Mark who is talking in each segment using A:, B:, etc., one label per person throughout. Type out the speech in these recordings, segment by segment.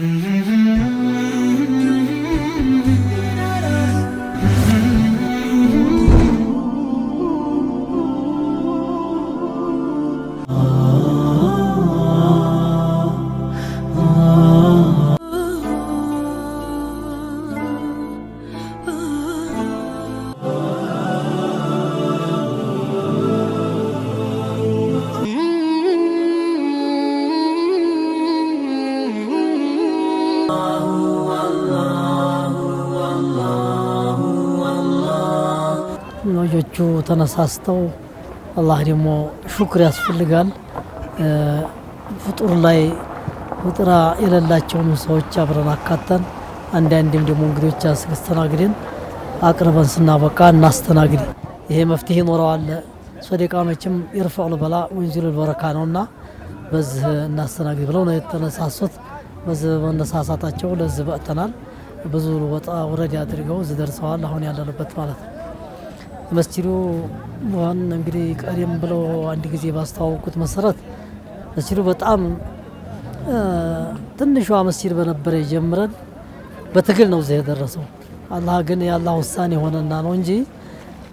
A: Mm-hmm. ተነሳስተው አላህ ደግሞ ሹክር ያስፈልጋል። ፍጡር ላይ ውጥራ የሌላቸውን ሰዎች አብረን አካተን አንዳንዴም ደግሞ እንግዶች አስተናግደን አቅርበን ስናበቃ እናስተናግድ። ይሄ መፍትሄ ይኖረዋል። ሶደቃ መቼም ይርፈዑል በላ ወይንዚሉል በረካ እና በዚህ እናስተናግድ ብለው ነው የተነሳሱት። በዚህ መነሳሳታቸው ለዚህ በእተናል። ብዙ ወጣ ውረድ አድርገው እዚህ ደርሰዋል። አሁን ያለንበት ማለት ነው። መስጂዱ ዋን እንግዲህ ቀደም ብሎ አንድ ጊዜ ባስተዋወቁት መሰረት መስጂዱ በጣም ትንሿ መስጂድ በነበረ ጀምረን በትግል ነው እዚህ የደረሰው። አላህ ግን የአላህ ውሳኔ የሆነና ነው እንጂ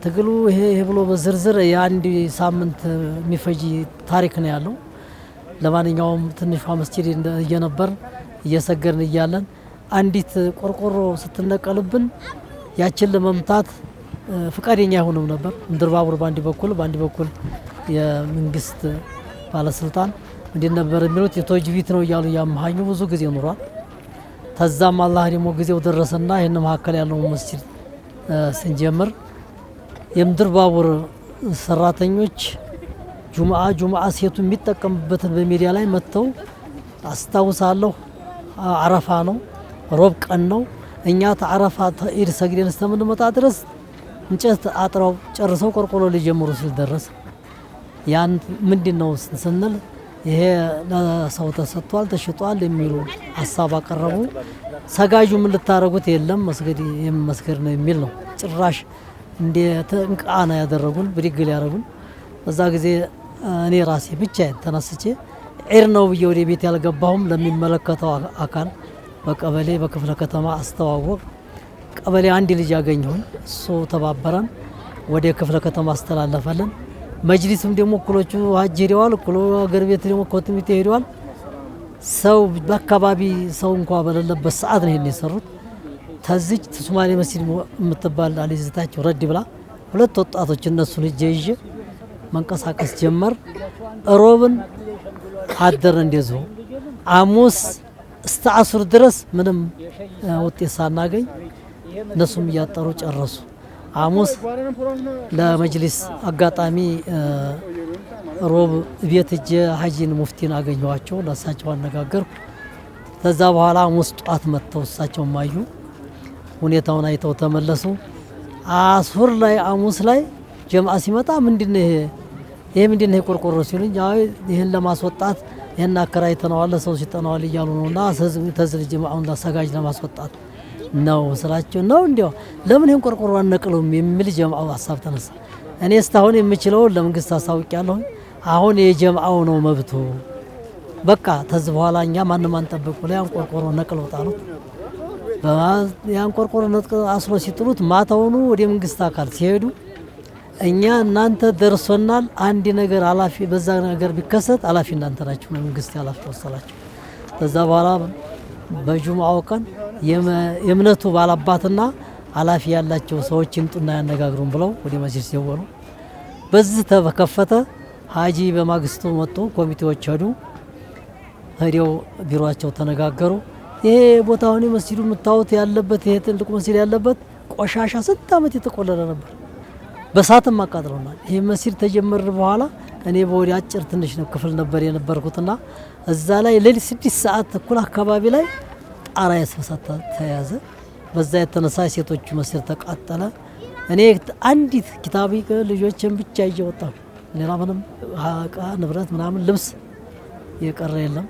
A: ትግሉ ይሄ ይሄ ብሎ በዝርዝር የአንድ ሳምንት የሚፈጅ ታሪክ ነው ያለው። ለማንኛውም ትንሿ መስጂድ እየነበር እየሰገድን እያለን አንዲት ቆርቆሮ ስትነቀልብን ያችን ለመምታት ፈቃደኛ አይሆንም ነበር። ምድር ባቡር በአንድ በኩል በአንድ በኩል የመንግስት ባለስልጣን እንዴት ነበር የሚሉት ቪት ነው እያሉ ያመሃኙ ብዙ ጊዜ ኑሯል። ተዛም አላህ ደግሞ ጊዜው ደረሰና ይህን መካከል ያለው መስጂድ ስንጀምር የምድር ባቡር ሰራተኞች ጁምአ ጁምአ ሴቱ የሚጠቀምበትን በሚዲያ ላይ መጥተው አስታውሳለሁ። አረፋ ነው ሮብ ቀን ነው። እኛ ተአረፋ ተኢድ ሰግደን እስከምንመጣ ድረስ እንጨት አጥረው ጨርሰው ቆርቆሎ ሊጀምሩ ሲል ደረሰ። ያን ምንድን ነው ስንል ይሄ ለሰው ተሰጥቷል ተሽጧል የሚሉ ሀሳብ አቀረቡ። ሰጋጁ ምን ልታደረጉት የለም መስገድ የመስገድ ነው የሚል ነው። ጭራሽ እንደ እንቃና ያደረጉን ብድግ ያደረጉን። በዛ ጊዜ እኔ ራሴ ብቻ ተነስቼ ዒድ ነው ብዬ ወደ ቤት ያልገባሁም ለሚመለከተው አካል በቀበሌ በክፍለ ከተማ አስተዋወቅ ቀበሌ አንድ ልጅ ያገኘሁኝ እሱ ተባበረን ወደ ክፍለ ከተማ አስተላለፈለን። መጅሊስም ደግሞ እኩሎቹ ሀጅ ሄደዋል፣ እኩሎ ሀገር ቤት ደግሞ ኮትሚቴ ሄደዋል። ሰው በአካባቢ ሰው እንኳ በሌለበት ሰዓት ነው ይሄን የሰሩት። ተዚች ሶማሌ መስጂድ የምትባል አልይዘታቸው ረድ ብላ ሁለት ወጣቶች እነሱን እጄ ይዤ መንቀሳቀስ ጀመር። ሮብን አደረ እንደዚሁ አሙስ እስተ አሱር ድረስ ምንም ውጤት ሳናገኝ እነሱም እያጠሩ ጨረሱ። ሐሙስ ለመጅሊስ አጋጣሚ ሮብ ቤት እጀ ሀጂን ሙፍቲን አገኘኋቸው። ለእሳቸው አነጋገርኩ። ከዛ በኋላ ሐሙስ ጧት መጥተው እሳቸው ማዩ ሁኔታውን አይተው ተመለሱ። አስሁር ላይ ሐሙስ ላይ ጀምአ ሲመጣ ምንድን ይሄ ይሄ ምንድን ይሄ ቆርቆሮ ሲሉኝ፣ አይ ይህን ለማስወጣት ይህን አከራይተነዋል፣ ሰው ሲጠነዋል እያሉ ነውና ተዝል ጀምአውን ለሰጋጅ ለማስወጣት ነው ስላቸው ነው እንዲያው ለምን ይህን ቆርቆሮ አነቅለውም የሚል ጀምአው ሀሳብ ተነሳ። እኔ እስታሁን የምችለውን ለመንግስት አሳውቅ ያለሁኝ አሁን የጀምአው ነው መብቱ። በቃ ተዝ በኋላ እኛ ማንም አንጠብቁ ላይ ያን ቆርቆሮ ነቅለው ጣሉት። ያን ቆርቆሮ ነቅለው አስሮ ሲጥሉት ማታውኑ ወደ መንግስት አካል ሲሄዱ እኛ እናንተ ደርሶናል፣ አንድ ነገር አላፊ በዛ ነገር ቢከሰት አላፊ እናንተ ናችሁ፣ መንግስት ያላፊ ወሰላችሁ። ከዛ በኋላ በጁምአው ቀን የእምነቱ ባላባትና ኃላፊ ያላቸው ሰዎች ይምጡና ያነጋግሩን ብለው ወደ መስጅድ ሲወሩ በዚህ ተከፈተ። ሀጂ በማግስቱ መጡ። ኮሚቴዎች ሄዱ። ሄደው ቢሮቸው ተነጋገሩ። ይሄ ቦታውን መስጂዱ የምታዩት ያለበት ይሄ ትልቁ መስጂድ ያለበት ቆሻሻ ስንት ዓመት የተቆለለ ነበር። በሳትም አቃጥለውናል። ይህ መስጂድ ተጀመረ በኋላ እኔ በወዲ አጭር ትንሽ ነው ክፍል ነበር የነበርኩትና እዛ ላይ ሌሊት ስድስት ሰዓት እኩል አካባቢ ላይ አራያ ስብሰት ተያዘ። በዛ የተነሳ ሴቶቹ መስር ተቃጠለ። እኔ አንዲት ኪታቢ ልጆችን ብቻ ይዤ ወጣሁ። ሌላ ምንም እቃ ንብረት ምናምን ልብስ የቀረ የለም።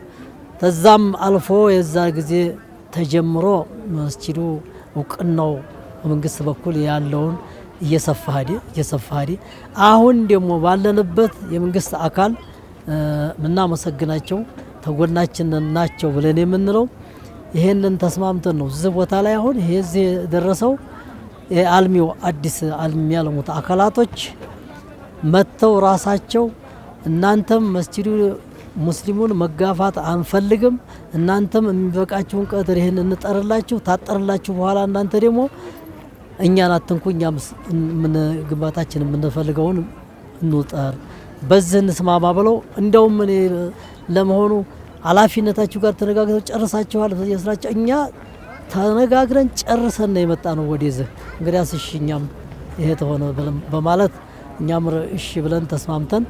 A: ተዛም አልፎ የዛ ጊዜ ተጀምሮ መስጂዱ እውቅናው በመንግስት በኩል ያለውን እየሰፋ አሁን ደግሞ ባለንበት የመንግስት አካል ምናመሰግናቸው ተጎናችን ናቸው ብለን የምንለው ይሄንን ተስማምተን ነው እዚህ ቦታ ላይ አሁን ይሄ እዚህ የደረሰው አልሚው አዲስ አልሚ ያለሙት አካላቶች መጥተው ራሳቸው እናንተም መስጂዱ ሙስሊሙን መጋፋት አንፈልግም፣ እናንተም የሚበቃችሁን ቀድር ይህን እንጠርላችሁ ታጠርላችሁ፣ በኋላ እናንተ ደግሞ እኛን አትንኩ፣ እኛም ግንባታችን የምንፈልገውን እንውጠር፣ በዚህ እንስማማ ብለው እንደውም እኔ ለመሆኑ ኃላፊነታችሁ ጋር ተነጋግረን ጨርሳችኋል የስራቸው እኛ ተነጋግረን ጨርሰን ነው የመጣ ነው ወደዚህ። እንግዲያስ እሺ እኛም ይሄ ተሆነ በማለት እኛም እሺ ብለን ተስማምተን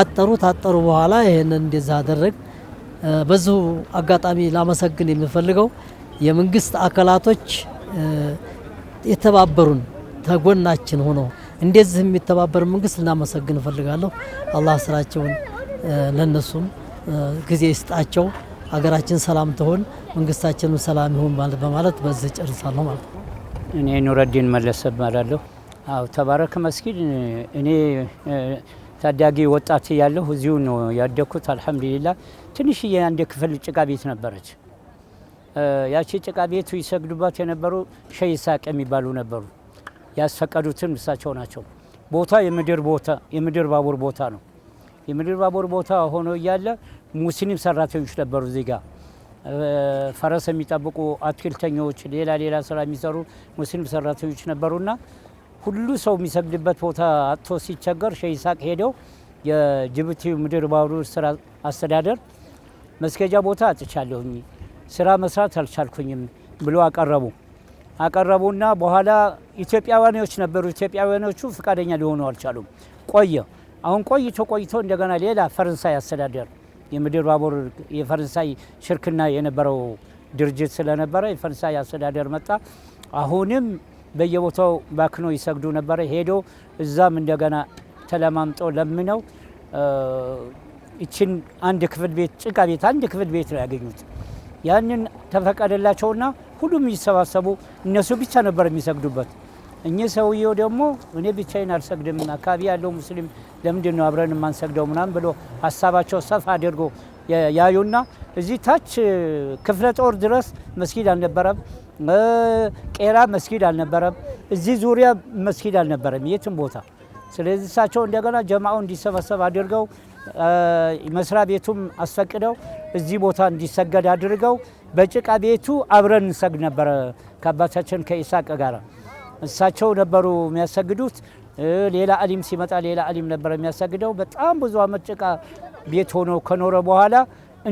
A: አጠሩ ታጠሩ በኋላ ይሄንን እንደዛ አደረግ። በዚሁ አጋጣሚ ላመሰግን የምፈልገው የመንግስት አካላቶች የተባበሩን ተጎናችን ሆኖ እንደዚህ የሚተባበር መንግስት ልናመሰግን እፈልጋለሁ። አላህ ስራቸውን ለነሱም ጊዜ ይስጣቸው፣ ሀገራችን ሰላም ትሆን፣ መንግስታችንም ሰላም ይሁን በማለት በዚህ ጨርሳለሁ ማለት ነው።
B: እኔ ኑረዲን መለሰ እባላለሁ። አው ተባረክ መስጊድ እኔ ታዳጊ ወጣት ያለሁ እዚሁ ነው ያደግኩት። አልሐምዱሊላ ትንሽዬ አንድ ክፍል ጭቃ ቤት ነበረች። ያቺ ጭቃ ቤቱ ይሰግዱባት የነበሩ ሸይ ሳቅ የሚባሉ ነበሩ። ያስፈቀዱትን እሳቸው ናቸው። ቦታ የምድር ቦታ የምድር ባቡር ቦታ ነው። የምድር ባቡር ቦታ ሆኖ እያለ ሙስሊም ሰራተኞች ነበሩ እዚ ፈረስ የሚጠብቁ አትክልተኞች፣ ሌላ ሌላ ስራ የሚሰሩ ሙስሊም ሰራተኞች ነበሩና ሁሉ ሰው የሚሰግድበት ቦታ አጥቶ ሲቸገር ሼህ ሄደው የጅቡቲ ምድር ባቡር ስራ አስተዳደር መስገጃ ቦታ አጥቻለሁኝ ስራ መስራት አልቻልኩኝም ብሎ አቀረቡ። አቀረቡና በኋላ ኢትዮጵያውያኖች ነበሩ። ኢትዮጵያውያኖቹ ፈቃደኛ ሊሆኑ አልቻሉም። ቆየ አሁን ቆይቶ ቆይቶ እንደገና ሌላ ፈረንሳይ አስተዳደር የምድር ባቡር የፈረንሳይ ሽርክና የነበረው ድርጅት ስለነበረ የፈረንሳይ አስተዳደር መጣ። አሁንም በየቦታው ባክኖ ይሰግዱ ነበረ። ሄዶ እዛም እንደገና ተለማምጦ ለምነው ይችን አንድ ክፍል ቤት ጭቃ ቤት አንድ ክፍል ቤት ነው ያገኙት። ያንን ተፈቀደላቸውና ሁሉም ይሰባሰቡ እነሱ ብቻ ነበር የሚሰግዱበት። እኚህ ሰውየው ደግሞ እኔ ብቻዬን አልሰግድም፣ አካባቢ ያለው ሙስሊም ለምንድን ነው አብረን የማንሰግደው ምናምን ብሎ ሀሳባቸው ሰፋ አድርጎ ያዩና እዚህ ታች ክፍለ ጦር ድረስ መስጊድ አልነበረም፣ ቄራ መስጊድ አልነበረም፣ እዚህ ዙሪያ መስጊድ አልነበረም የትም ቦታ። ስለዚህ እሳቸው እንደገና ጀማው እንዲሰበሰብ አድርገው መስሪያ ቤቱም አስፈቅደው እዚህ ቦታ እንዲሰገድ አድርገው በጭቃ ቤቱ አብረን እንሰግድ ነበረ ከአባታችን ከኢሳቅ ጋር እሳቸው ነበሩ የሚያሰግዱት። ሌላ አሊም ሲመጣ ሌላ አሊም ነበር የሚያሰግደው። በጣም ብዙ አመት ጭቃ ቤት ሆኖ ከኖረ በኋላ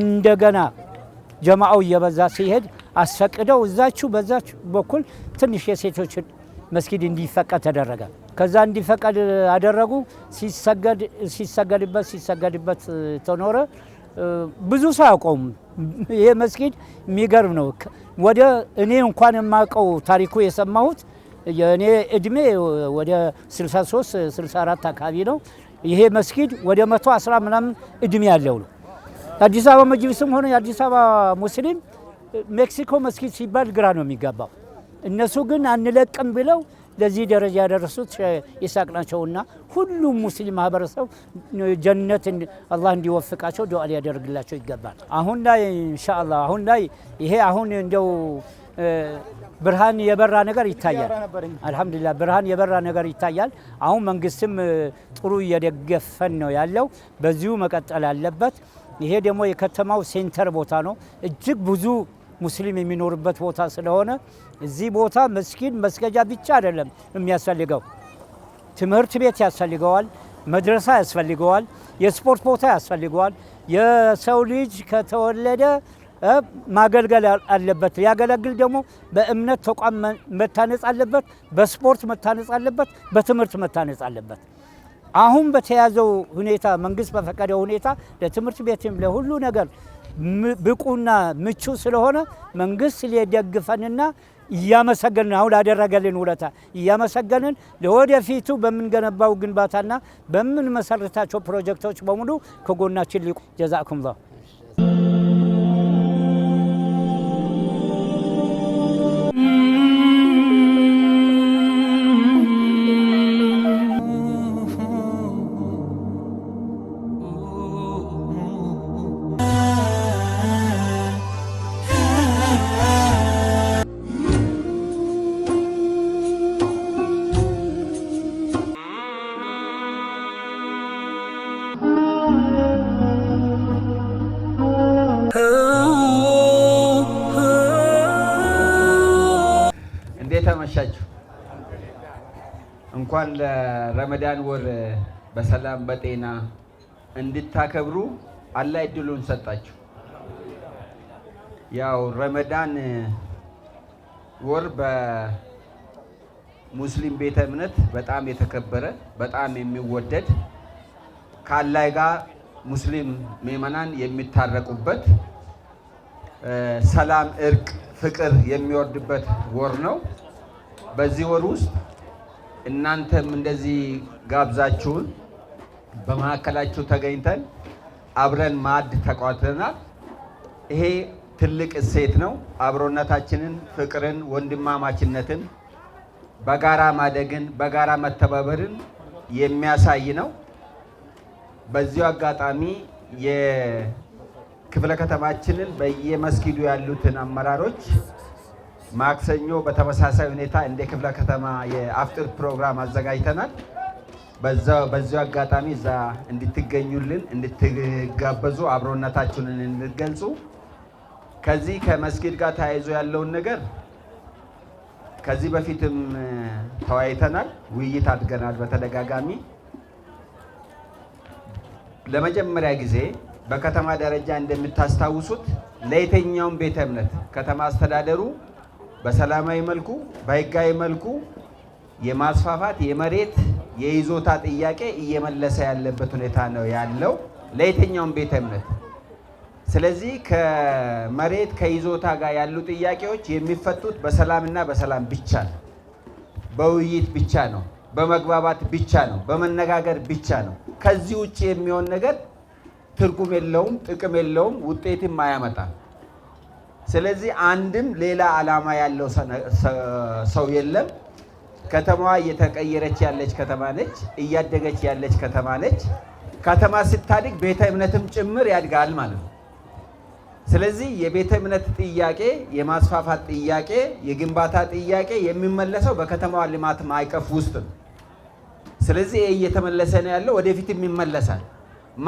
B: እንደገና ጀማአው እየበዛ ሲሄድ አስፈቅደው እዛችሁ በዛች በኩል ትንሽ የሴቶችን መስጊድ እንዲፈቀድ ተደረገ። ከዛ እንዲፈቀድ አደረጉ። ሲሰገድ ሲሰገድበት ሲሰገድበት ተኖረ። ብዙ ሰው ይሄ መስጊድ የሚገርም ነው። ወደ እኔ እንኳን የማውቀው ታሪኩ የሰማሁት የእኔ እድሜ ወደ 63 64 አካባቢ ነው። ይሄ መስጊድ ወደ 110 ምናምን እድሜ ያለው ነው። አዲስ አበባ መጅልስም ሆነ የአዲስ አበባ ሙስሊም ሜክሲኮ መስጊድ ሲባል ግራ ነው የሚገባው እነሱ ግን አንለቅም ብለው ለዚህ ደረጃ ያደረሱት ይሳቅ ናቸውና ሁሉም ሙስሊም ማህበረሰብ ጀነት አላህ እንዲወፍቃቸው ዱዓ ሊያደርግላቸው ይገባል። አሁን ላይ ኢንሻአላህ አሁን ላይ ይሄ አሁን እንደው ብርሃን የበራ ነገር ይታያል። አልሐምዱሊላህ ብርሃን የበራ ነገር ይታያል። አሁን መንግስትም ጥሩ እየደገፈን ነው ያለው። በዚሁ መቀጠል አለበት። ይሄ ደግሞ የከተማው ሴንተር ቦታ ነው። እጅግ ብዙ ሙስሊም የሚኖርበት ቦታ ስለሆነ እዚህ ቦታ መስጊድ መስገጃ ብቻ አይደለም የሚያስፈልገው፣ ትምህርት ቤት ያስፈልገዋል፣ መድረሳ ያስፈልገዋል፣ የስፖርት ቦታ ያስፈልገዋል። የሰው ልጅ ከተወለደ ማገልገል አለበት። ያገለግል ደግሞ በእምነት ተቋም መታነጽ አለበት፣ በስፖርት መታነጽ አለበት፣ በትምህርት መታነጽ አለበት። አሁን በተያዘው ሁኔታ መንግስት በፈቀደው ሁኔታ ለትምህርት ቤትም ለሁሉ ነገር ብቁና ምቹ ስለሆነ መንግስት ሊደግፈንና እያመሰገንን አሁን ላደረገልን ውለታ እያመሰገንን ለወደፊቱ በምንገነባው ግንባታና በምንመሰረታቸው ፕሮጀክቶች በሙሉ ከጎናችን ሊቁ ጀዛኩም ላሁ Mm.
C: እንኳን ለረመዳን ወር በሰላም በጤና እንድታከብሩ አላህ እድሉን ሰጣችሁ። ያው ረመዳን ወር በሙስሊም ቤተ እምነት በጣም የተከበረ በጣም የሚወደድ ከአላይ ጋር ሙስሊም ምእመናን የሚታረቁበት ሰላም፣ እርቅ፣ ፍቅር የሚወርድበት ወር ነው። በዚህ ወር ውስጥ እናንተም እንደዚህ ጋብዛችሁን በመካከላችሁ ተገኝተን አብረን ማዕድ ተቋጥረናል። ይሄ ትልቅ እሴት ነው። አብሮነታችንን፣ ፍቅርን፣ ወንድማማችነትን፣ በጋራ ማደግን፣ በጋራ መተባበርን የሚያሳይ ነው። በዚሁ አጋጣሚ የክፍለ ከተማችንን በየመስጊዱ ያሉትን አመራሮች ማክሰኞ በተመሳሳይ ሁኔታ እንደ ክፍለ ከተማ የአፍጥር ፕሮግራም አዘጋጅተናል። በዚሁ አጋጣሚ እዛ እንድትገኙልን እንድትጋበዙ አብሮነታችሁንን እንድትገልጹ ከዚህ ከመስጊድ ጋር ተያይዞ ያለውን ነገር ከዚህ በፊትም ተወያይተናል፣ ውይይት አድርገናል በተደጋጋሚ። ለመጀመሪያ ጊዜ በከተማ ደረጃ እንደምታስታውሱት ለየትኛውም ቤተ እምነት ከተማ አስተዳደሩ በሰላማዊ መልኩ በህጋዊ መልኩ የማስፋፋት የመሬት የይዞታ ጥያቄ እየመለሰ ያለበት ሁኔታ ነው ያለው ለየትኛውም ቤተ እምነት። ስለዚህ ከመሬት ከይዞታ ጋር ያሉ ጥያቄዎች የሚፈቱት በሰላምና በሰላም ብቻ ነው፣ በውይይት ብቻ ነው፣ በመግባባት ብቻ ነው፣ በመነጋገር ብቻ ነው። ከዚህ ውጭ የሚሆን ነገር ትርጉም የለውም፣ ጥቅም የለውም፣ ውጤትም አያመጣም። ስለዚህ አንድም ሌላ ዓላማ ያለው ሰው የለም። ከተማዋ እየተቀየረች ያለች ከተማ ነች። እያደገች ያለች ከተማ ነች። ከተማ ስታድግ ቤተ እምነትም ጭምር ያድጋል ማለት ነው። ስለዚህ የቤተ እምነት ጥያቄ፣ የማስፋፋት ጥያቄ፣ የግንባታ ጥያቄ የሚመለሰው በከተማዋ ልማት ማዕቀፍ ውስጥ ነው። ስለዚህ ይህ እየተመለሰ ነው ያለው፣ ወደፊትም ይመለሳል።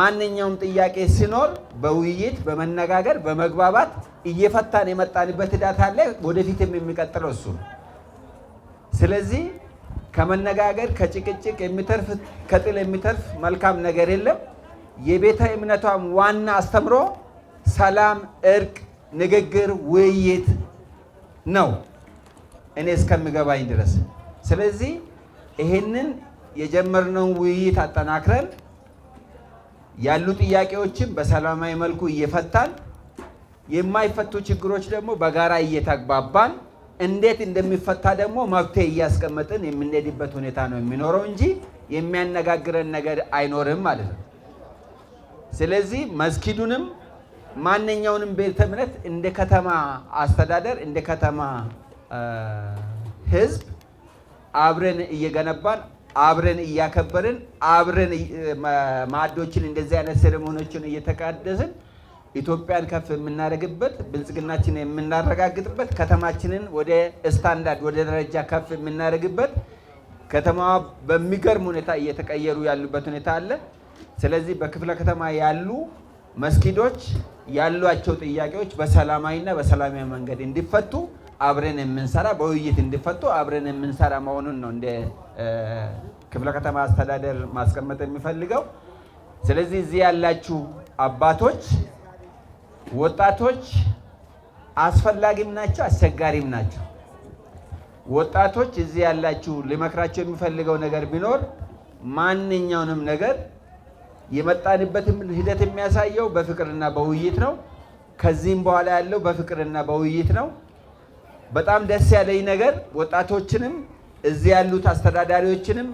C: ማንኛውም ጥያቄ ሲኖር በውይይት በመነጋገር በመግባባት እየፈታን የመጣንበት ዳታ አለ። ወደፊትም የሚቀጥለው እሱ ነው። ስለዚህ ከመነጋገር ከጭቅጭቅ የሚተርፍ ከጥል የሚተርፍ መልካም ነገር የለም። የቤተ እምነቷም ዋና አስተምሮ ሰላም፣ እርቅ፣ ንግግር፣ ውይይት ነው እኔ እስከሚገባኝ ድረስ። ስለዚህ ይህንን የጀመርነውን ውይይት አጠናክረን ያሉ ጥያቄዎችን በሰላማዊ መልኩ እየፈታን የማይፈቱ ችግሮች ደግሞ በጋራ እየተግባባን እንዴት እንደሚፈታ ደግሞ መብቴ እያስቀመጥን የምንሄድበት ሁኔታ ነው የሚኖረው እንጂ የሚያነጋግረን ነገር አይኖርም ማለት ነው። ስለዚህ መስኪዱንም ማንኛውንም ቤተ እምነት እንደ ከተማ አስተዳደር እንደ ከተማ ሕዝብ አብረን እየገነባን አብረን እያከበርን አብረን ማዕዶችን እንደዚህ አይነት ሴሬሞኖችን እየተቃደስን ኢትዮጵያን ከፍ የምናደርግበት ብልጽግናችን የምናረጋግጥበት ከተማችንን ወደ ስታንዳርድ ወደ ደረጃ ከፍ የምናደርግበት ከተማዋ በሚገርም ሁኔታ እየተቀየሩ ያሉበት ሁኔታ አለ። ስለዚህ በክፍለ ከተማ ያሉ መስጊዶች ያሏቸው ጥያቄዎች በሰላማዊና በሰላማዊ መንገድ እንዲፈቱ አብረን የምንሰራ በውይይት እንዲፈቱ አብረን የምንሰራ መሆኑን ነው እንደ ክፍለ ከተማ አስተዳደር ማስቀመጥ የሚፈልገው። ስለዚህ እዚህ ያላችሁ አባቶች ወጣቶች አስፈላጊም ናቸው፣ አስቸጋሪም ናቸው። ወጣቶች እዚህ ያላችሁ ልመክራቸው የሚፈልገው ነገር ቢኖር ማንኛውንም ነገር የመጣንበትም ሂደት የሚያሳየው በፍቅርና በውይይት ነው። ከዚህም በኋላ ያለው በፍቅርና በውይይት ነው። በጣም ደስ ያለኝ ነገር ወጣቶችንም እዚህ ያሉት አስተዳዳሪዎችንም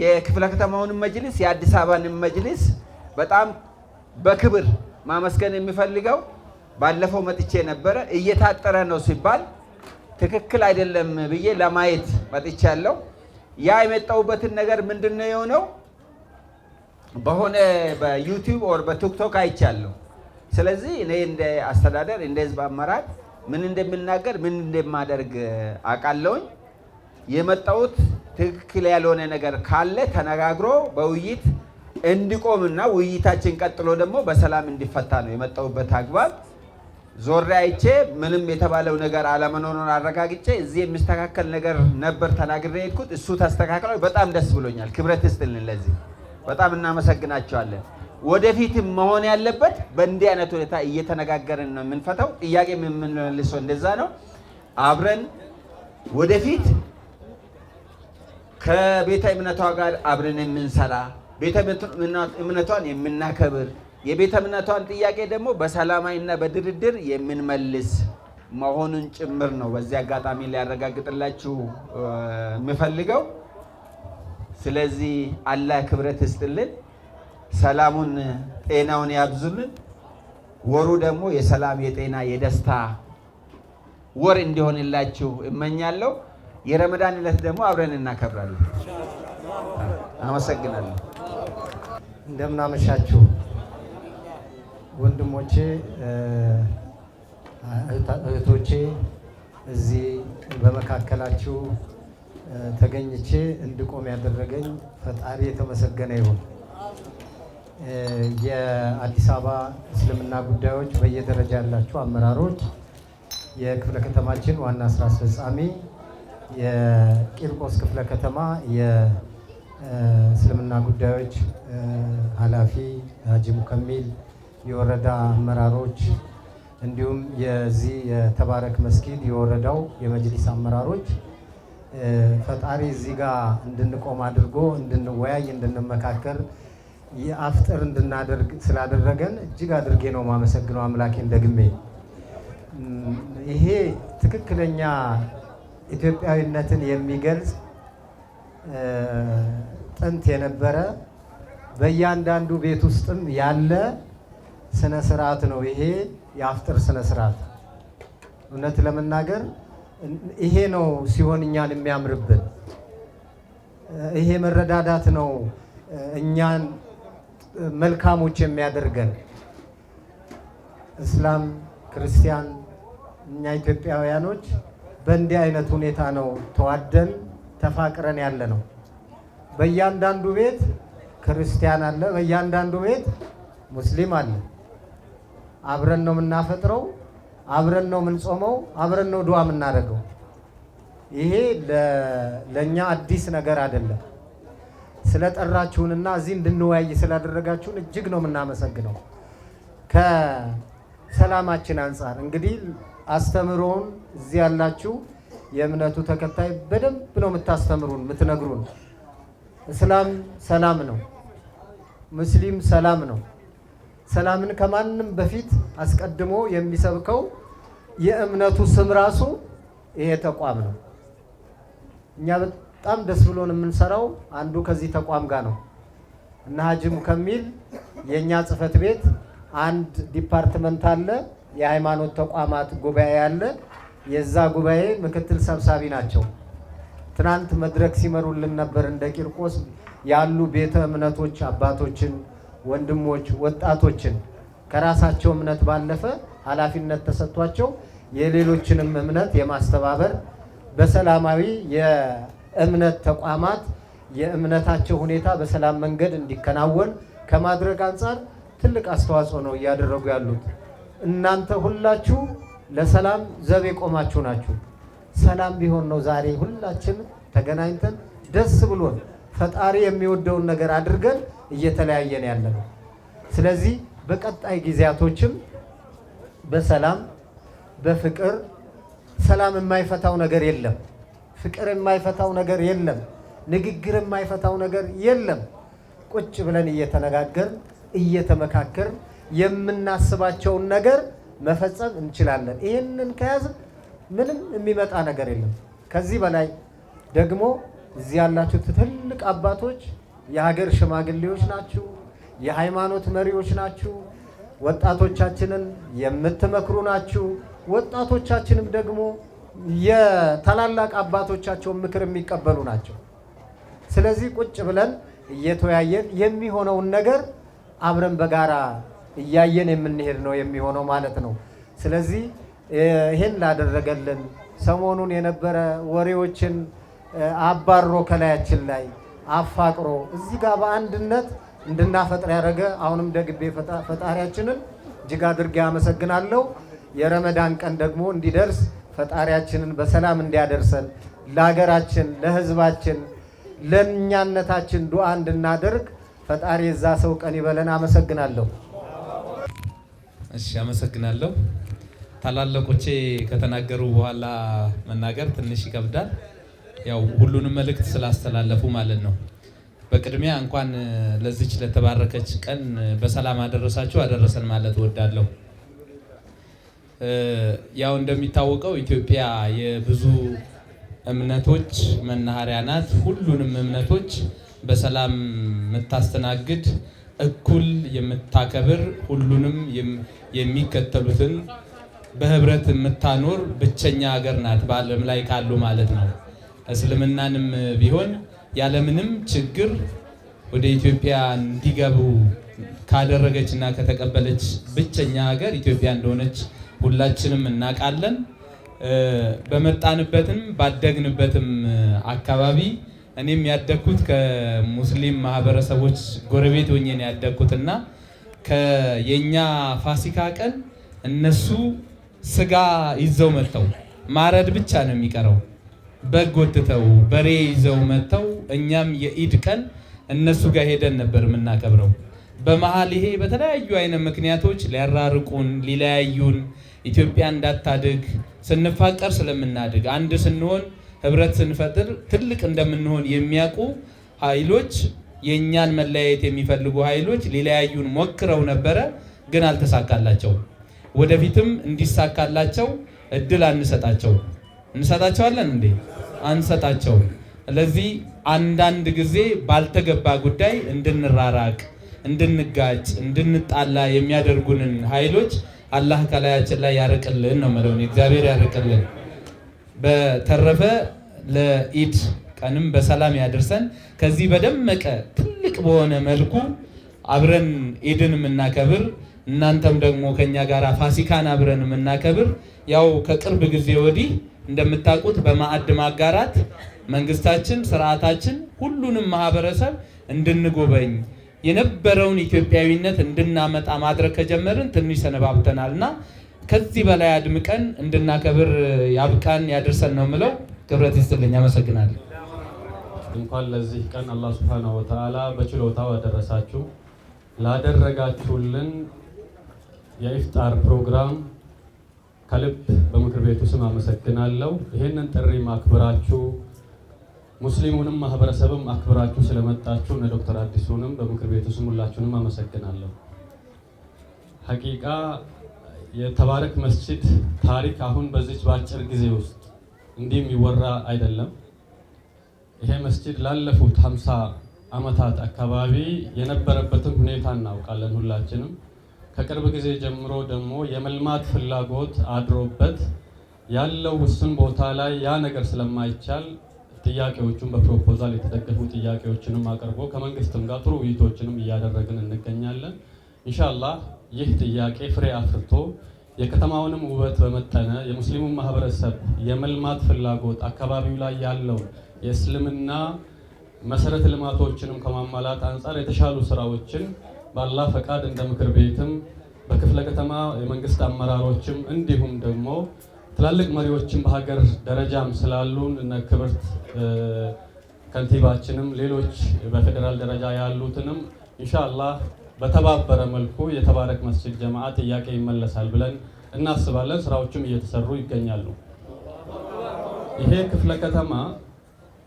C: የክፍለ ከተማውንም መጅልስ የአዲስ አበባንም መጅልስ በጣም በክብር ማመስገን የሚፈልገው ባለፈው መጥቼ ነበረ። እየታጠረ ነው ሲባል ትክክል አይደለም ብዬ ለማየት መጥቻ ያለው ያ የመጣሁበትን ነገር ምንድን ነው የሆነው በሆነ በዩቲዩብ ኦር በቲክቶክ አይቻለሁ። ስለዚህ እኔ እንደ አስተዳደር እንደ ህዝብ አመራር ምን እንደምናገር ምን እንደማደርግ አውቃለሁኝ። የመጣሁት ትክክል ያልሆነ ነገር ካለ ተነጋግሮ በውይይት እንዲቆምና ውይይታችን ቀጥሎ ደግሞ በሰላም እንዲፈታ ነው የመጣሁበት አግባብ። ዞሬ አይቼ ምንም የተባለው ነገር አለመኖሩን አረጋግጬ እዚህ የሚስተካከል ነገር ነበር ተናግሬ ሄድኩት። እሱ ተስተካክሏል። በጣም ደስ ብሎኛል። ክብረት ይስጥልን። ለዚህ በጣም እናመሰግናቸዋለን። ወደፊትም መሆን ያለበት በእንዲህ አይነት ሁኔታ እየተነጋገርን ነው የምንፈተው። ጥያቄ የምንመልሰው እንደዛ ነው። አብረን ወደፊት ከቤተ እምነቷ ጋር አብረን የምንሰራ ቤተ እምነቷን የምናከብር የቤተ እምነቷን ጥያቄ ደግሞ በሰላማዊና በድርድር የምንመልስ መሆኑን ጭምር ነው በዚህ አጋጣሚ ሊያረጋግጥላችሁ የምፈልገው። ስለዚህ አላህ ክብረት ይስጥልን፣ ሰላሙን ጤናውን ያብዙልን። ወሩ ደግሞ የሰላም የጤና የደስታ ወር እንዲሆንላችሁ እመኛለሁ። የረመዳን ዕለት ደግሞ አብረን እናከብራለን። አመሰግናለሁ።
D: እንደምናመሻችሁ ወንድሞቼ፣ እህቶቼ እዚህ በመካከላችሁ ተገኝቼ እንድቆም ያደረገኝ ፈጣሪ የተመሰገነ ይሁን። የአዲስ አበባ እስልምና ጉዳዮች በየደረጃ ያላችሁ አመራሮች፣ የክፍለ ከተማችን ዋና ስራ አስፈጻሚ፣ የቂርቆስ ክፍለ ከተማ የእስልምና ጉዳዮች ኃላፊ ሀጂ ሙከሚል የወረዳ አመራሮች እንዲሁም የዚህ የተባረክ መስጊድ የወረዳው የመጅሊስ አመራሮች ፈጣሪ እዚህ ጋር እንድንቆም አድርጎ እንድንወያይ፣ እንድንመካከር የአፍጥር እንድናደርግ ስላደረገን እጅግ አድርጌ ነው ማመሰግነው አምላኬን ደግሜ። ይሄ ትክክለኛ ኢትዮጵያዊነትን የሚገልጽ ጥንት የነበረ በእያንዳንዱ ቤት ውስጥም ያለ ስነ ስርዓት ነው። ይሄ የአፍጥር ስነ ስርዓት እውነት ለመናገር ይሄ ነው ሲሆን እኛን የሚያምርብን ይሄ መረዳዳት ነው እኛን መልካሞች የሚያደርገን። እስላም ክርስቲያን፣ እኛ ኢትዮጵያውያኖች በእንዲህ አይነት ሁኔታ ነው ተዋደን ተፋቅረን ያለ ነው። በእያንዳንዱ ቤት ክርስቲያን አለ፣ በእያንዳንዱ ቤት ሙስሊም አለ። አብረን ነው የምናፈጥረው፣ አብረን ነው የምንጾመው፣ አብረን ነው ድዋ የምናደርገው። ይሄ ለእኛ አዲስ ነገር አይደለም። ስለጠራችሁንና እዚህ እንድንወያይ ስላደረጋችሁን እጅግ ነው የምናመሰግነው። ከሰላማችን አንጻር እንግዲህ አስተምሮውን እዚህ ያላችሁ የእምነቱ ተከታይ በደንብ ነው የምታስተምሩን የምትነግሩን። እስላም ሰላም ነው፣ ሙስሊም ሰላም ነው። ሰላምን ከማንም በፊት አስቀድሞ የሚሰብከው የእምነቱ ስም ራሱ ይሄ ተቋም ነው። እኛ በጣም ደስ ብሎን የምንሰራው አንዱ ከዚህ ተቋም ጋር ነው እነ ሀጅሙ ከሚል የእኛ ጽህፈት ቤት አንድ ዲፓርትመንት አለ። የሃይማኖት ተቋማት ጉባኤ አለ። የዛ ጉባኤ ምክትል ሰብሳቢ ናቸው። ትናንት መድረክ ሲመሩልን ነበር። እንደ ቂርቆስ ያሉ ቤተ እምነቶች አባቶችን ወንድሞች ወጣቶችን ከራሳቸው እምነት ባለፈ ኃላፊነት ተሰጥቷቸው የሌሎችንም እምነት የማስተባበር በሰላማዊ የእምነት ተቋማት የእምነታቸው ሁኔታ በሰላም መንገድ እንዲከናወን ከማድረግ አንጻር ትልቅ አስተዋጽኦ ነው እያደረጉ ያሉት። እናንተ ሁላችሁ ለሰላም ዘብ የቆማችሁ ናችሁ። ሰላም ቢሆን ነው ዛሬ ሁላችን ተገናኝተን ደስ ብሎን ፈጣሪ የሚወደውን ነገር አድርገን እየተለያየን ያለ ነው። ስለዚህ በቀጣይ ጊዜያቶችም በሰላም በፍቅር ሰላም የማይፈታው ነገር የለም። ፍቅር የማይፈታው ነገር የለም። ንግግር የማይፈታው ነገር የለም። ቁጭ ብለን እየተነጋገርን እየተመካከርን የምናስባቸውን ነገር መፈጸም እንችላለን። ይህንን ከያዝ ምንም የሚመጣ ነገር የለም። ከዚህ በላይ ደግሞ እዚህ ያላችሁ ትልቅ አባቶች፣ የሀገር ሽማግሌዎች ናችሁ፣ የሃይማኖት መሪዎች ናችሁ፣ ወጣቶቻችንን የምትመክሩ ናችሁ። ወጣቶቻችንም ደግሞ የታላላቅ አባቶቻቸውን ምክር የሚቀበሉ ናቸው። ስለዚህ ቁጭ ብለን እየተወያየን የሚሆነውን ነገር አብረን በጋራ እያየን የምንሄድ ነው የሚሆነው ማለት ነው። ስለዚህ ይህን ላደረገልን ሰሞኑን የነበረ ወሬዎችን አባሮ ከላያችን ላይ አፋቅሮ እዚህ ጋር በአንድነት እንድናፈጥር ያደረገ አሁንም ደግቤ ፈጣሪያችንን እጅግ አድርጌ አመሰግናለሁ። የረመዳን ቀን ደግሞ እንዲደርስ ፈጣሪያችንን በሰላም እንዲያደርሰን ለሀገራችን፣ ለህዝባችን ለእኛነታችን ዱዓ እንድናደርግ ፈጣሪ የዛ ሰው ቀን ይበለን። አመሰግናለሁ።
E: እሺ፣ አመሰግናለሁ። ታላላቆቼ ከተናገሩ በኋላ መናገር ትንሽ ይከብዳል። ያው ሁሉንም መልእክት ስላስተላለፉ ማለት ነው። በቅድሚያ እንኳን ለዚች ለተባረከች ቀን በሰላም አደረሳችሁ አደረሰን ማለት እወዳለሁ። ያው እንደሚታወቀው ኢትዮጵያ የብዙ እምነቶች መናኸሪያ ናት። ሁሉንም እምነቶች በሰላም የምታስተናግድ እኩል የምታከብር ሁሉንም የሚከተሉትን በህብረት የምታኖር ብቸኛ ሀገር ናት በዓለም ላይ ካሉ ማለት ነው። እስልምናንም ቢሆን ያለምንም ችግር ወደ ኢትዮጵያ እንዲገቡ ካደረገች እና ከተቀበለች ብቸኛ ሀገር ኢትዮጵያ እንደሆነች ሁላችንም እናውቃለን። በመጣንበትም ባደግንበትም አካባቢ እኔም ያደግኩት ከሙስሊም ማህበረሰቦች ጎረቤት ሆኜ ነው ያደግኩትና የእኛ ፋሲካ ቀን እነሱ ስጋ ይዘው መጥተው ማረድ ብቻ ነው የሚቀረው። በግ ጎትተው በሬ ይዘው መጥተው እኛም የኢድ ቀን እነሱ ጋር ሄደን ነበር የምናከብረው። በመሀል ይሄ በተለያዩ አይነት ምክንያቶች ሊያራርቁን፣ ሊለያዩን ኢትዮጵያ እንዳታድግ ስንፋቀር ስለምናድግ አንድ ስንሆን ህብረት ስንፈጥር ትልቅ እንደምንሆን የሚያውቁ ኃይሎች የእኛን መለያየት የሚፈልጉ ኃይሎች ሊለያዩን ሞክረው ነበረ፣ ግን አልተሳካላቸው። ወደፊትም እንዲሳካላቸው እድል አንሰጣቸው። እንሰጣቸዋለን እንዴ? አንሰጣቸውም። ስለዚህ አንዳንድ ጊዜ ባልተገባ ጉዳይ እንድንራራቅ፣ እንድንጋጭ፣ እንድንጣላ የሚያደርጉንን ኃይሎች አላህ ከላያችን ላይ ያርቅልን ነው የምለው። እግዚአብሔር ያርቅልን። በተረፈ ለኢድ ቀንም በሰላም ያደርሰን። ከዚህ በደመቀ ትልቅ በሆነ መልኩ አብረን ኢድን የምናከብር እናንተም ደግሞ ከኛ ጋር ፋሲካን አብረን የምናከብር ያው ከቅርብ ጊዜ ወዲህ እንደምታውቁት በማዕድ ማጋራት መንግስታችን፣ ስርዓታችን ሁሉንም ማህበረሰብ እንድንጎበኝ የነበረውን ኢትዮጵያዊነት እንድናመጣ ማድረግ ከጀመርን ትንሽ ሰነባብተናል እና ከዚህ በላይ አድምቀን እንድናከብር ያብቃን ያደርሰን ነው የምለው። ክብረት ይስጥልኝ። አመሰግናለሁ።
F: እንኳን ለዚህ ቀን አላህ ሱብሃነሁ ወተዓላ በችሎታው አደረሳችሁ። ላደረጋችሁልን የኢፍጣር ፕሮግራም ከልብ በምክር ቤቱ ስም አመሰግናለሁ። ይህንን ጥሪ ማክብራችሁ ሙስሊሙንም ማህበረሰብም አክብራችሁ ስለመጣችሁ እነ ዶክተር አዲሱንም በምክር ቤቱ ስም ሁላችሁንም አመሰግናለሁ። ሀቂቃ የተባረክ መስጂድ ታሪክ አሁን በዚች በአጭር ጊዜ ውስጥ እንዲህ የሚወራ አይደለም። ይሄ መስጂድ ላለፉት ሀምሳ ዓመታት አካባቢ የነበረበትን ሁኔታ እናውቃለን ሁላችንም ከቅርብ ጊዜ ጀምሮ ደግሞ የመልማት ፍላጎት አድሮበት ያለው ውስን ቦታ ላይ ያ ነገር ስለማይቻል ጥያቄዎቹን በፕሮፖዛል የተደገፉ ጥያቄዎችንም አቅርቦ ከመንግስትም ጋር ጥሩ ውይይቶችንም እያደረግን እንገኛለን። ኢንሻላህ ይህ ጥያቄ ፍሬ አፍርቶ የከተማውንም ውበት በመጠነ የሙስሊሙን ማህበረሰብ የመልማት ፍላጎት አካባቢው ላይ ያለው የእስልምና መሰረተ ልማቶችንም ከማሟላት አንጻር የተሻሉ ስራዎችን ባላ ፈቃድ እንደ ምክር ቤትም በክፍለ ከተማ የመንግስት አመራሮችም እንዲሁም ደግሞ ትላልቅ መሪዎችም በሀገር ደረጃም ስላሉን እነ ክብርት ከንቲባችንም ሌሎች በፌዴራል ደረጃ ያሉትንም ኢንሻአላህ በተባበረ መልኩ የተባረክ መስጂድ ጀማዓ ጥያቄ ይመለሳል ብለን እናስባለን። ስራዎችም እየተሰሩ ይገኛሉ። ይሄ ክፍለ ከተማ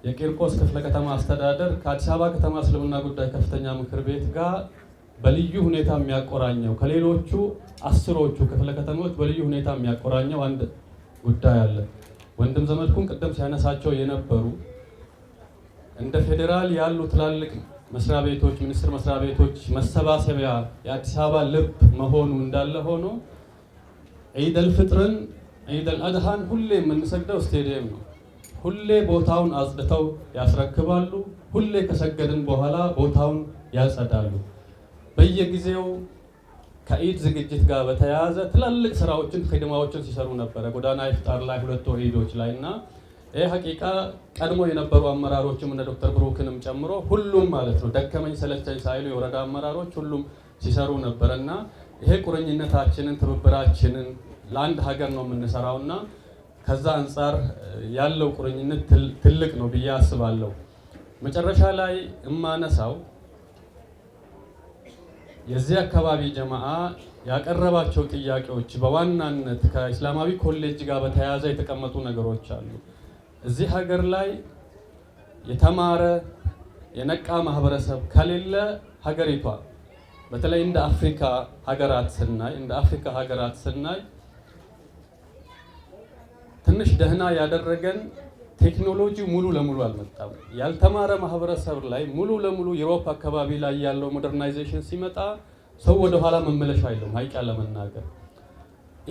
F: የቂርቆስ ክፍለ ከተማ አስተዳደር ከአዲስ አበባ ከተማ እስልምና ጉዳይ ከፍተኛ ምክር ቤት ጋር በልዩ ሁኔታ የሚያቆራኘው ከሌሎቹ አስሮቹ ክፍለ ከተሞች በልዩ ሁኔታ የሚያቆራኘው አንድ ጉዳይ አለ። ወንድም ዘመድኩን ቅድም ሲያነሳቸው የነበሩ እንደ ፌዴራል ያሉ ትላልቅ መስሪያ ቤቶች፣ ሚኒስቴር መስሪያ ቤቶች መሰባሰቢያ የአዲስ አበባ ልብ መሆኑ እንዳለ ሆኖ ዒደል ፍጥርን ዒደል አድሃን ሁሌ የምንሰግደው ስቴዲየም ነው። ሁሌ ቦታውን አጽድተው ያስረክባሉ። ሁሌ ከሰገድን በኋላ ቦታውን ያጸዳሉ። በየጊዜው ከኢድ ዝግጅት ጋር በተያያዘ ትላልቅ ስራዎችን ክድማዎችን ሲሰሩ ነበረ። ጎዳና ይፍጣር ላይ፣ ሁለት ተውሂዶች ላይ እና ይህ ሀቂቃ ቀድሞ የነበሩ አመራሮችም እነ ዶክተር ብሩክንም ጨምሮ ሁሉም ማለት ነው ደከመኝ ሰለቸኝ ሳይሉ የወረዳ አመራሮች ሁሉም ሲሰሩ ነበረ እና ይሄ ቁርኝነታችንን ትብብራችንን ለአንድ ሀገር ነው የምንሰራው እና ከዛ አንጻር ያለው ቁርኝነት ትልቅ ነው ብዬ አስባለሁ። መጨረሻ ላይ እማነሳው የዚህ አካባቢ ጀማአ ያቀረባቸው ጥያቄዎች በዋናነት ከኢስላማዊ ኮሌጅ ጋር በተያያዘ የተቀመጡ ነገሮች አሉ። እዚህ ሀገር ላይ የተማረ የነቃ ማህበረሰብ ከሌለ ሀገሪቷ በተለይ እንደ አፍሪካ ሀገራት ስናይ እንደ አፍሪካ ሀገራት ስናይ ትንሽ ደህና ያደረገን ቴክኖሎጂ ሙሉ ለሙሉ አልመጣም። ያልተማረ ማህበረሰብ ላይ ሙሉ ለሙሉ ዩሮፕ አካባቢ ላይ ያለው ሞደርናይዜሽን ሲመጣ ሰው ወደኋላ መመለሻ የለውም። ሀይቅ ለመናገር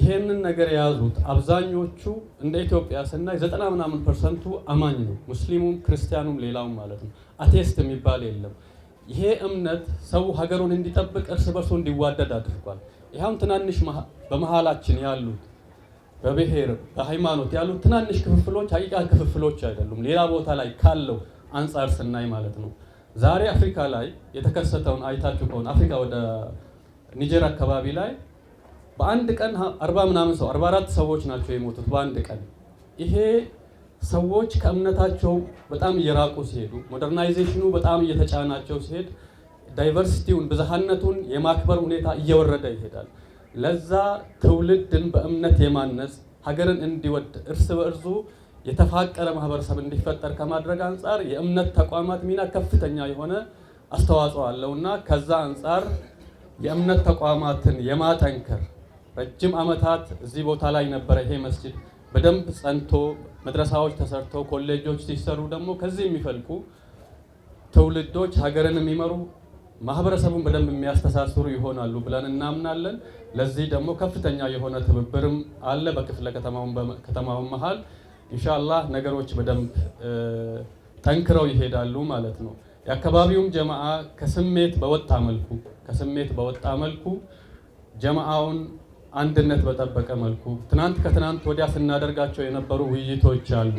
F: ይሄንን ነገር የያዙት አብዛኞቹ እንደ ኢትዮጵያ ስናይ ዘጠና ምናምን ፐርሰንቱ አማኝ ነው። ሙስሊሙም ክርስቲያኑም ሌላውም ማለት ነው። አቴስት የሚባል የለም። ይሄ እምነት ሰው ሀገሩን እንዲጠብቅ እርስ በርሱ እንዲዋደድ አድርጓል። ይህም ትናንሽ በመሀላችን ያሉት በብሔር በሃይማኖት ያሉ ትናንሽ ክፍፍሎች ሀቂቃ ክፍፍሎች አይደሉም። ሌላ ቦታ ላይ ካለው አንጻር ስናይ ማለት ነው። ዛሬ አፍሪካ ላይ የተከሰተውን አይታችሁ ከሆነ አፍሪካ ወደ ኒጀር አካባቢ ላይ በአንድ ቀን አርባ ምናምን ሰው አርባ አራት ሰዎች ናቸው የሞቱት በአንድ ቀን። ይሄ ሰዎች ከእምነታቸው በጣም እየራቁ ሲሄዱ፣ ሞደርናይዜሽኑ በጣም እየተጫናቸው ሲሄድ፣ ዳይቨርሲቲውን ብዝሃነቱን የማክበር ሁኔታ እየወረደ ይሄዳል። ለዛ ትውልድን በእምነት የማነጽ ሀገርን እንዲወድ እርስ በእርሱ የተፋቀረ ማህበረሰብ እንዲፈጠር ከማድረግ አንጻር የእምነት ተቋማት ሚና ከፍተኛ የሆነ አስተዋጽኦ አለው እና ከዛ አንጻር የእምነት ተቋማትን የማጠንከር ረጅም ዓመታት እዚህ ቦታ ላይ ነበረ ይሄ መስጂድ በደንብ ጸንቶ መድረሳዎች ተሰርተው ኮሌጆች ሲሰሩ ደግሞ ከዚህ የሚፈልቁ ትውልዶች ሀገርን የሚመሩ ማህበረሰቡን በደንብ የሚያስተሳስሩ ይሆናሉ ብለን እናምናለን። ለዚህ ደግሞ ከፍተኛ የሆነ ትብብርም አለ በክፍለ ከተማውን መሀል። ኢንሻላህ ነገሮች በደንብ ጠንክረው ይሄዳሉ ማለት ነው። የአካባቢውም ጀማዓ ከስሜት በወጣ መልኩ ከስሜት በወጣ መልኩ ጀማዓውን አንድነት በጠበቀ መልኩ ትናንት ከትናንት ወዲያ ስናደርጋቸው የነበሩ ውይይቶች አሉ።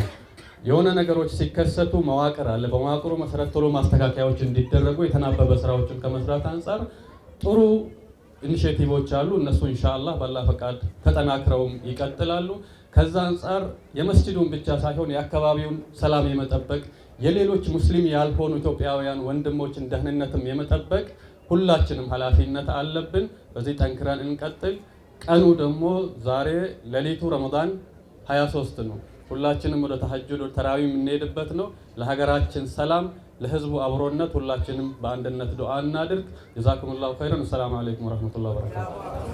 F: የሆነ ነገሮች ሲከሰቱ መዋቅር አለ። በመዋቅሩ መሰረት ቶሎ ማስተካከያዎች እንዲደረጉ የተናበበ ስራዎችን ከመስራት አንጻር ጥሩ ኢኒሽቲቮች አሉ። እነሱ እንሻላ ባላ ፈቃድ ተጠናክረውም ይቀጥላሉ። ከዛ አንጻር የመስጅዱን ብቻ ሳይሆን የአካባቢውን ሰላም የመጠበቅ የሌሎች ሙስሊም ያልሆኑ ኢትዮጵያውያን ወንድሞችን ደህንነትም የመጠበቅ ሁላችንም ኃላፊነት አለብን። በዚህ ጠንክረን እንቀጥል። ቀኑ ደግሞ ዛሬ ሌሊቱ ረመዳን 23 ነው። ሁላችንም ወደ ተሐጁድ ወደ ተራዊ የምንሄድበት ነው። ለሀገራችን ሰላም፣ ለህዝቡ አብሮነት ሁላችንም በአንድነት ዱዓ እናድርግ። ጀዛኩሙላሁ ኸይረን። ሰላም አለይኩም ወረህመቱላሂ ወበረካቱ።